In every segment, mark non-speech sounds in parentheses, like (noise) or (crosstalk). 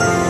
Thank you.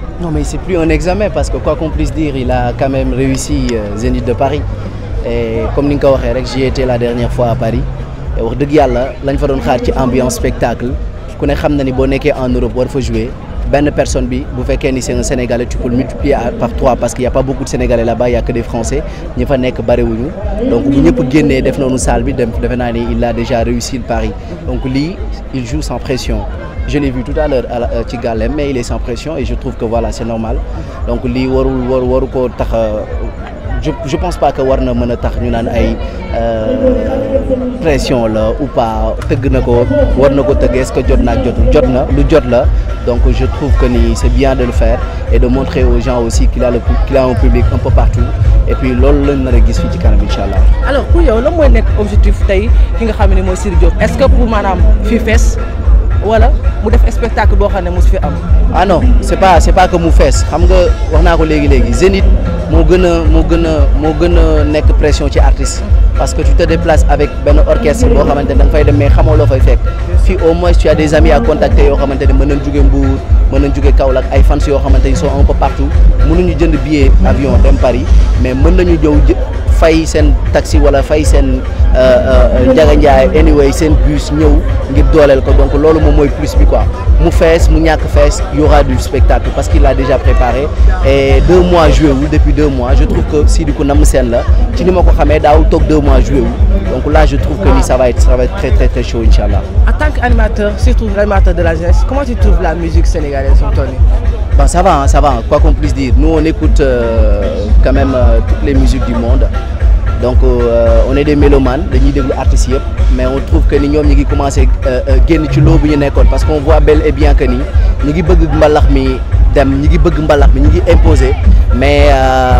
Non, mais c'est plus un examen parce que quoi qu'on puisse dire, il a quand même réussi euh, Zénith de Paris. Et comme vous l'ai dit, j'y étais la dernière fois à Paris. Et wax deug yalla lañ fa doon xaar ci ambiance spectacle Je ne que si ni en Europe il faut jouer si personne bi bu Sénégalais tu peux le multiplier par trois parce qu'il n'y a pas beaucoup de Sénégalais là-bas il n'y a que des Français ñi fa donc bu il a déjà réussi le pari donc lui il joue sans pression je l'ai vu tout à l'heure à Tigalem, euh, mais il est sans pression et je trouve que voilà c'est normal donc lui, warul ko euh, je je pense pas que war na mën a tax ñu ay euh, pression là ou pas tëgg ko war na ko tëgg est-ce que jot na ak le jot na lu jot la donc je trouve que ni c'est bien de le faire et de montrer aux gens aussi qu'il a le qu'il a un public un peu partout et puis loolu lañ nar a gis fii ci kanam alors pour yow lan moins nekk objectif tey ki nga xam ne mooy Sidy est-ce que pour Madame, fii voilà, wala mu def spectacle boo xam ne fi am. ah non c'est pas c'est pas que mu faites. xam nga wax naa ko les Zénith moo gën a moo gën a moo pression ci artiste parce que tu te déplaces avec benn orchestre boo xamante ne da nga fay dem mais fay fekk fii au moins tu as des amis à contacter yoo xamante ne mën nañ jóge Mbour mën nañ jóge Kaolack ay fans yoo xamante ne ils sont un peu partout mënuñu jënd billet avion dem Paris mais mën nañu jëw fay un taxi wala fay un njaga njaay anyway un bus ñëw ngir dooleel ko donc le moom mooy plus bi quoi mu fees mu ñàkk fees y aura du spectacle parce qu'il l'a déjà préparé et deux mois joué ou depuis deux mois je trouve que du coup seen la ci ni ne ko pas deux mois joué wul donc là je trouve que ni ça va être ça va être très très très chaud Inch'Allah. en tant qu'animateur surtout animateur de la jeunesse comment tu trouves la musique sénégalaise fi mu bah, ça va, hein, ça va, hein. quoi qu'on puisse dire. Nous, on écoute euh, quand même euh, toutes les musiques du monde donc euh, euh, on est des mélomanes dañuy déglu artistes yëpp mais on trouve que ni ñoom ñi ngi commencé euh, génn ci loo bu ñu parce qu'on voit bel et bien que ni ñu ngi bëgg mbalax mi dem ñu ngi bëgg mbalax mi ñu ngi imposer mais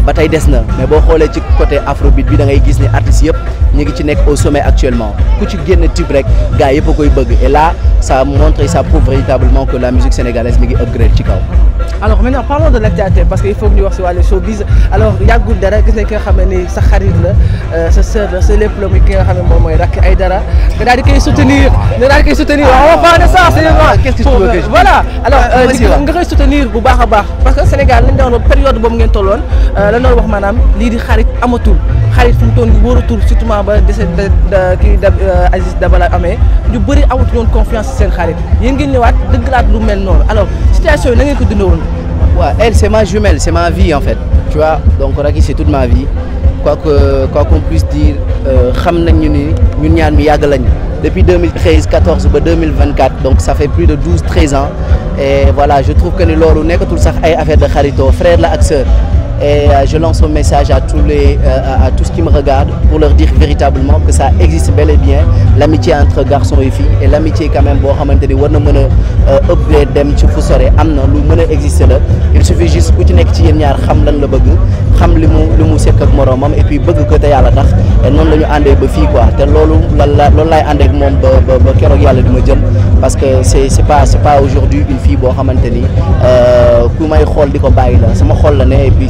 ba tey des na mais boo xoolee ci côté afrobeat bi da ngay gis ni artistes yep ñu ngi ci nekk au sommet actuellement ku ci génn tube rek gars yëpp koy bëgg et là ça montre et ça prouve véritablement que la musique sénégalaise mi ngi upgrade ci kaw. alors maintenant parlons de l'actualité parce que il faut que ñu wax le wàllu showbiz alors il dara a nañ ki nga xam ne ni sa xarit la euh, sa sœur la sa lépp la muy ki nga xam ne moom mooy Racky Aïdara nga daal di koy soutenir nga daal di soutenir ah, on va parle de ça c'est vrai voilà alors on koy soutenir bu baax a baax parce que Sénégal dans notre période boobu ngeen tolon euh, la loolu wax maanaam lii di xarit amatul xarit fu mu toon wóoratul surtout ba décès kii euh, Aziz Dabala amé du bëri amatul woon confiance ci seen xarit yéen ngeen ñëwaat dëggalaat lu mel alors situation yi na ngeen ko dundee woon elle c'est ma jumelle c'est ma vie en fait tu vois donc on a Racky c'est toute ma vie quoi que quoi qu'on puisse dire euh, xam nañ ñu ni ñun ñaan mi lañ depuis 2013 14 ba 2024 donc ça fait plus de 12 13 ans et voilà je trouve que nous ni loolu nekkatul sax ay affaire de xaritoo frère la ak sœur et euh, je lance un message à tous, les, euh, à, à tous qui me regardent pour leur dire véritablement que ça existe bel et bien, l'amitié entre garçons et filles. Et l'amitié quand même, boo xamante ni war na mën a euh, upgrade dem ci fu sore am na lu mën exister la il suffit juste ku ci nekk ci yéen ñaar xam lan la bëgg xam li mu li mu sekk ak moroomam et puis bëgg ko te yàlla tax et noonu la ñu àndee ba fii quoi te loolu lan la loolu laay àndee ak moom ba ba ba keroog yàlla di parce que c'est c'est pas c'est pas aujourd'hui une fille boo xamante ni ku may xool di ko bàyyi la sama xol la ne et puis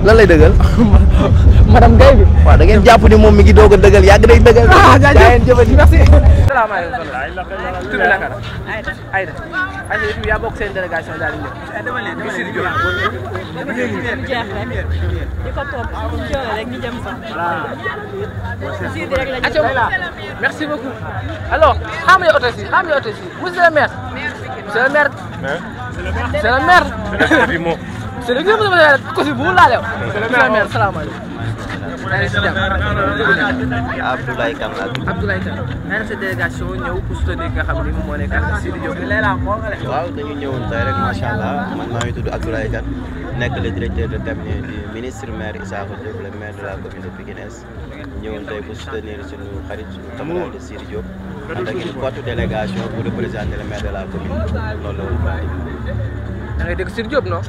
lan lay dëggal. (laughs) madame Gaye bi. waaw da ngeen jàpp ni moom mi ngi doog a dëggal yàgg day dëggal. (laughs) ah jaajëf jërëjëf di merci beaucoup. alors xam nga oto si xam nga oto si monsieur le maire. monsieur le maire. monsieur le maire. sëriñ bi nga xam ne kosi bu mu laaleew. salaamaaleykum. Abdoulaye Kane la. Abdoulaye Kane. maa ngi sa délégation ñëw pour soutenir nga xam ne moom moo nekk ak Sidi Diop waaw dañu ñëwoon tey rek macha allah man maa ngi tudd Abdoulaye Kane nekk le directeur de cabinet du ministre maire Issakha Diop le maire de la commune de Pikine Est ñëwoon tey pour soutenir suñu xarit suñu camarade de Sidi Diop ànd ak une forte délégation pour représenter le maire de la commune loolu la woon. da ngay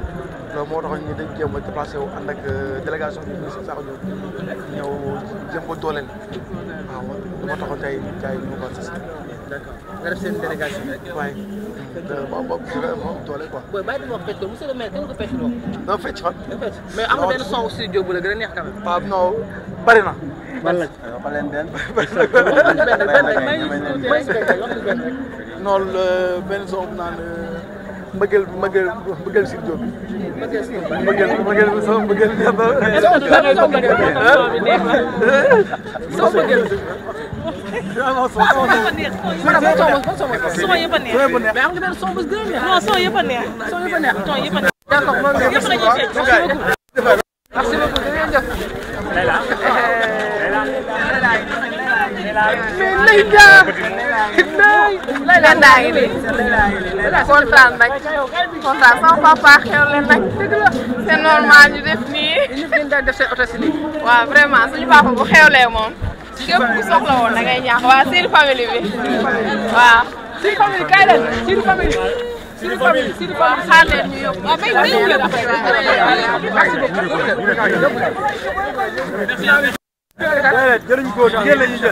loolu moo tax ñu dañ jéem a déplacé wu ànd ak euh, délégation bi ministre Sakho Diop ñëw jéem ko dooleel waaw moo taxoon tey gars yi ñu ko si. d'accord nga def seen délégation rek. waaye moom moom moom doole quoi. booy bàyyi dama wax fecc ko monsieur le maire kenn ko fecc loo. non fecc fan. fecc mais am na benn son studio bu la gën a neex quand même. waaw (laughs) mbëggeel mbëggeel mbëggeel si Diop. mbëggeel mbëggeel sama mbëggeel neex na. a neex. mais am nga benn son bu gën a neex. non a neex. son yëpp a mais Layla Layla daa ngi nii kontaan papa xew leen la c'est normal ñu def nii. ñu ngi leen def seen oto si lii. waaw vraiment suñu papa bu xewlee moom. képp ku soxla woon waa Siri famille bi waaw. kay leen Siri famille. Siri famille Siri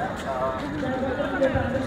啊。